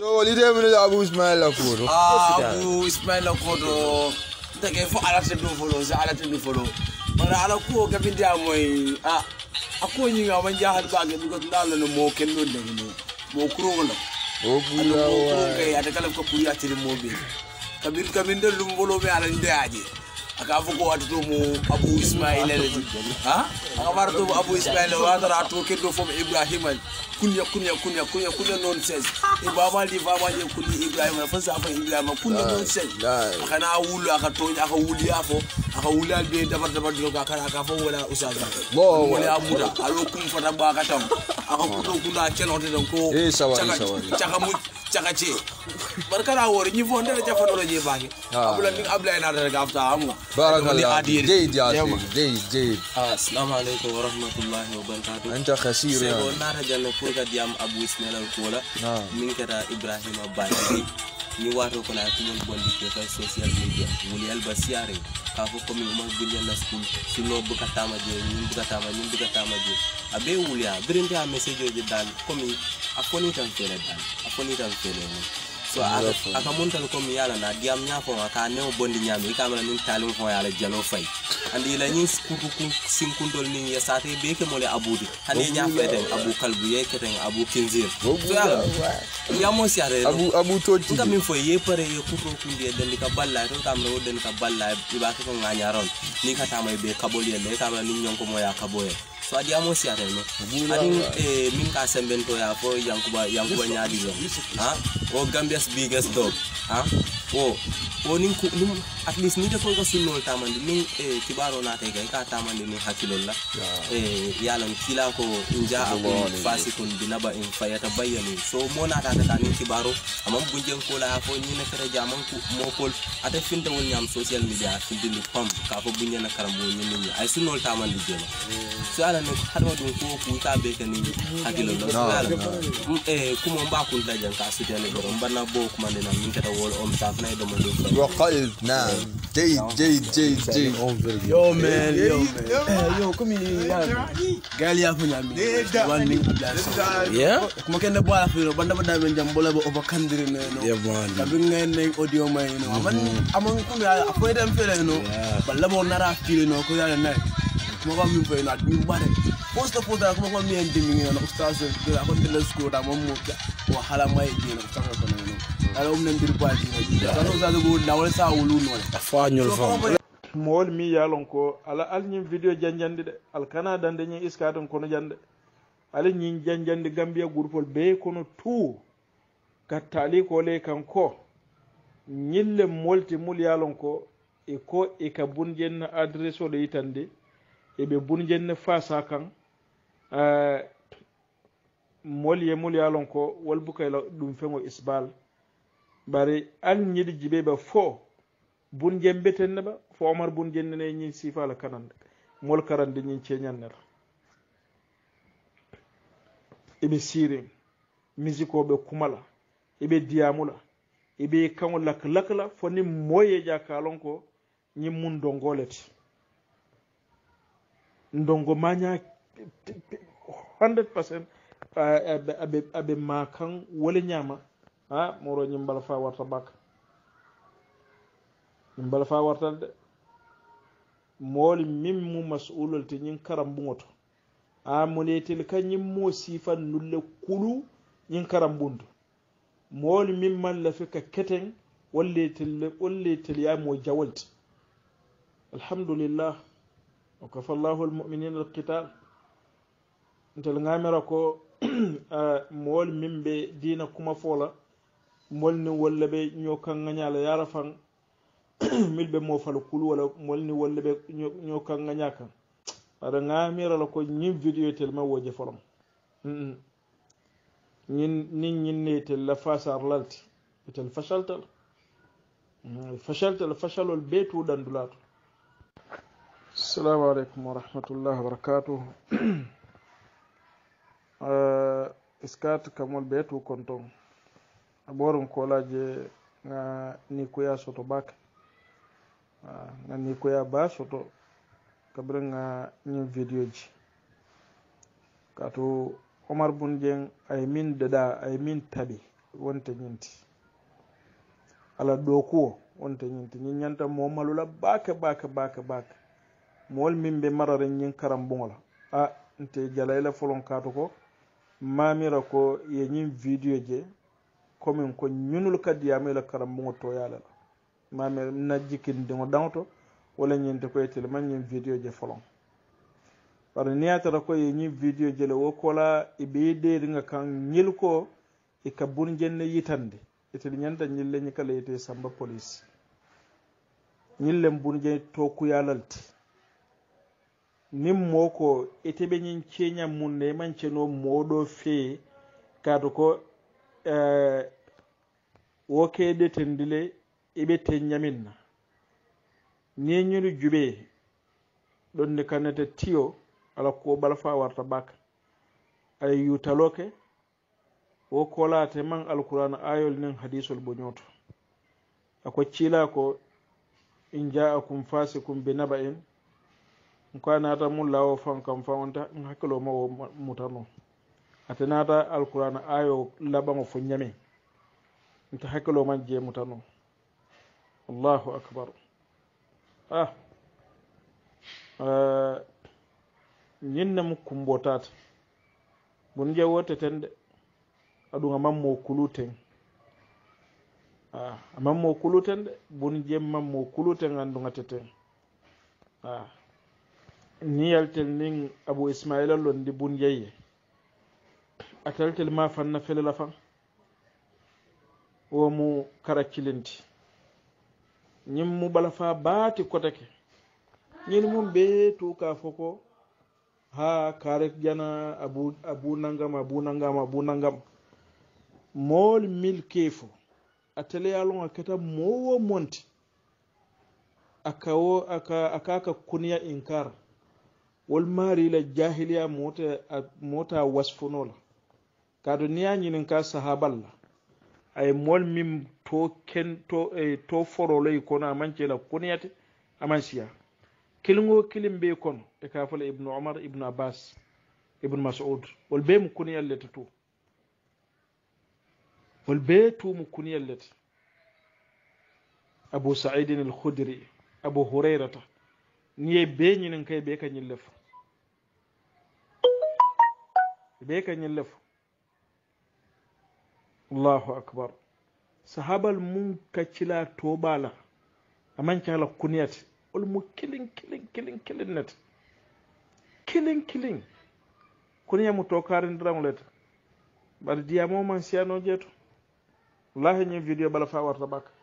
to walide mini abu ismail akodo ah, abu ismail akodo tege fo ala te do folo se ala te do folo bara ala ko ga bindi amoy a ako nyi ga ban jahal ba ga bigot dal no mo ken do de no mo kuro wala o bula wa ga ya de kala ko kuya tiri mo be kabir kabinde lum bolo be ala nde aje akavuko atutumu abu ismail alati ha akamara abu ismail wa dara to keddo fom ibrahim kunya kunya kunya kunya kunya nonsense e baba li baba li kunni ibrahim fa sa fa ibrahim kunya nonsense kana wulu aka to aka wuli afo aka wuli al be dabar dabar do ka kana aka fo wala usaza wala amuda alo kum fata ba ka tam aka kuto kuna chelo de don ko eh sawa eh, sawa eh. chaka mu chaka ce barka na wori ah. ni fonda da jafa dole je baki abulan din abla yana da daga afta amma barakallah jey jey jey jey ah, assalamu alaikum wa rahmatullahi wa barakatuh anta khasir ya sai na rajan ko ga diam abu ismail kola ah. min kada ibrahima bani ni wato ko na tumun bondi ke fa social media wuli alba siare ka fo ko mi mo gunya na school si no buka tama je ni buka tama ni buka tama je abe wuli a ya message je dal ko mi afoni utamfele dani afoni utamfele mu so aka mun talim fo yala jalo fay e. andi e la nyin sate e be ke mole abudi hani nya fete ye ke abu kinzir so ye pare ye kuto kundi to kam no den ka balla ron ni ka tamay be kabol ye le ka so adi amo siata eh, no adi min ka sembento ya fo yankuba yankuba nyaadi no ha Oh Gambia's biggest dog. ah, Oh, oh, nin ku nin at least ni defo ko sinno tamande min e eh, kibaro na tay kay ka tamande ni hakilol la e eh, yalam kila ko inja ako fasikun binaba in fayata bayani so mo na ta ta ni kibaro amam bunjen ko la fo ni na kare jaman ku mo kol ata finta won nyam social media findi ni pam ka fo bunjen na karambo ni ni ay sinno tamande jema eh. so ala ne hadma dum ko ku ta be kan ni hakilol la so ala mm, e kuma ba kun da jan ka su tele dogon na J J J na min kata wol om saf na do mo do yo qalb na jay jay jay jay yo man yo man yo kumi gali ya funya mi wan ni yeah kuma ken da bala funo banda banda men jam bola bo oba kandire ne no yeah man da bin ngai ne audio mai no aman aman kuma afoy dem fele no balla mo nara fili no ko ya na kuma min fɛ na min ba dɛ ko sɛ fo da kuma kuma min yɛn dimi ŋa na usta sɛ da da ma mo wa hala ma ye na usta ka kɔnɔ ŋa ala mun ndir ba diɲɛ na usta sɛ ko na wala sa wulu nɔ dɛ fa nyol fa mool mi yalon ko ala al ñin video janjandi de al kana dande ñin iska ton kono jande ala ñin janjandi gambia gurpol be kono tout kattali ko le kanko ñille molti mul yalon ko e ko e ka bunjen adresse o le yitande eɓe bunjenne faasa kan eh, mol yemol ya lon ko walbukayla ɗum fego isbal bari an ñiɗiji ɓeɓe fo bunjen betenneɓa fo omar bunjennene ñin sifala kanande mol karande ñin ceñannela eɓe siri musique oɓe kumala eɓe diyamula eɓe kango lak lakla fo ni moyeja kalon ko ñin mun dongolete ndongo maña hundred percent aɓe aɓe aɓe ma kan wole ñama ha moro ñimbal fa warta bakka ñimbal fa wartal de mowoli min mu masulol te ñin karambugoto a monetel kan ñin mo sifa nulle kulu ñin karambundu mowoli min mallafe ka keteng wolletel wolletel ya mo jawolte alhamdulillah o kafallahu almuminina alqital ntel gamira ko mool min ɓe dina kuma fola molni walla ɓe ño kangañala yara fan milɓe mofala kulu wala molni walla ɓe ño kangaña kan aɗa gamirala ko ñin vidéo tel ma woje folon ñin nin ñinne tel la fasar lalti tel fachaltal fachaltal fachalol be tuɗandulato السلام عليكم ورحمة الله وبركاته iskat kamol betu konton aborum kolaje nga nikuya soto bake uh, nga nikuya ba soto kabir nga ñin video ji kato omar bun jeng ay min dada ay min tabi wonte ñinti ala dokuwo wonte ñinti ñin ñanta momalula bake bake bake bake mo wol min ɓe mararen yin karam bugol a nte jalayla folon kato ko mamira ko ye yin vidéo je komin ko ñunul kadi yamila karam bugol to yalala mami najjikindigo dawto wala ñinte koye telemae yin vidéo je folon par niyatata ko ye yin vidéo je le wo kola iɓe yi deringa kan ñil ko i ka bun jenne yitande etel ñanta ñilleñi kala yite samba police ñillen bun jeni to kuyalalti min mo ko eteɓeñin eh, ceñam mum ne manceno moɗo fee kaadu ko wo keɗe tendile eɓe teññaminna neñiri juɓe ɗon ne kannete tiyo ala ko ɓalfa warta bak aɗa yutaloke wo kolate man alqurana ayol nin hadisol boñoto ako cila ko in jaakum fasikum binaba en ko a naata mullawo fan kam fan onta n hakkilo mawo muta noon ate naata alqurana ayo laɓango fo ñame nta hakkilo man jee muta noon allahu acbar a ah. eh, ñinne mu kumbotaata bon je wotte ten de aɗum a mammo kuluten a ah, a mammo kuluten de bon je mammo kuluten anndugateten a ah. niyaltel nin abou ismaila londi bunyeye a taltel ma fanna felela fan womu kara cilinti ñin mu ɓala fa baati kotake ñin mum ɓe tuka foko ha karet jana abu abu nangam abu nangam abu nangam mool mil keefo a teleyalonga keta moowo monti aka wo aka aka ka kuniya inkara wol maari la jahiliya mota mota wasfuno la kaadu niŋ ye a ka sahabal la a ye mol min to ken to eh, to foro la kono a maŋ la kuniyate a maŋ siya kiliŋ kilin bai be kono e ka fo la ibnu omar ibnu abbas ibnu masud walbe mu kuniyal leta ti tu walbe tu mu kuniyal leta abu saidin al-khudri abu hurairata niŋ ye bee ñiniŋ ka ye bee ka ñiŋ le beekanyillefu allahu akbar sahabal mun kaccila tobala amancala kuniyat ulmu kilin kilin kilin kilin net kilin kilin kuniya mu to karindiramu leta man siya siyano jeeto lahi ñin video bala fa warta baka.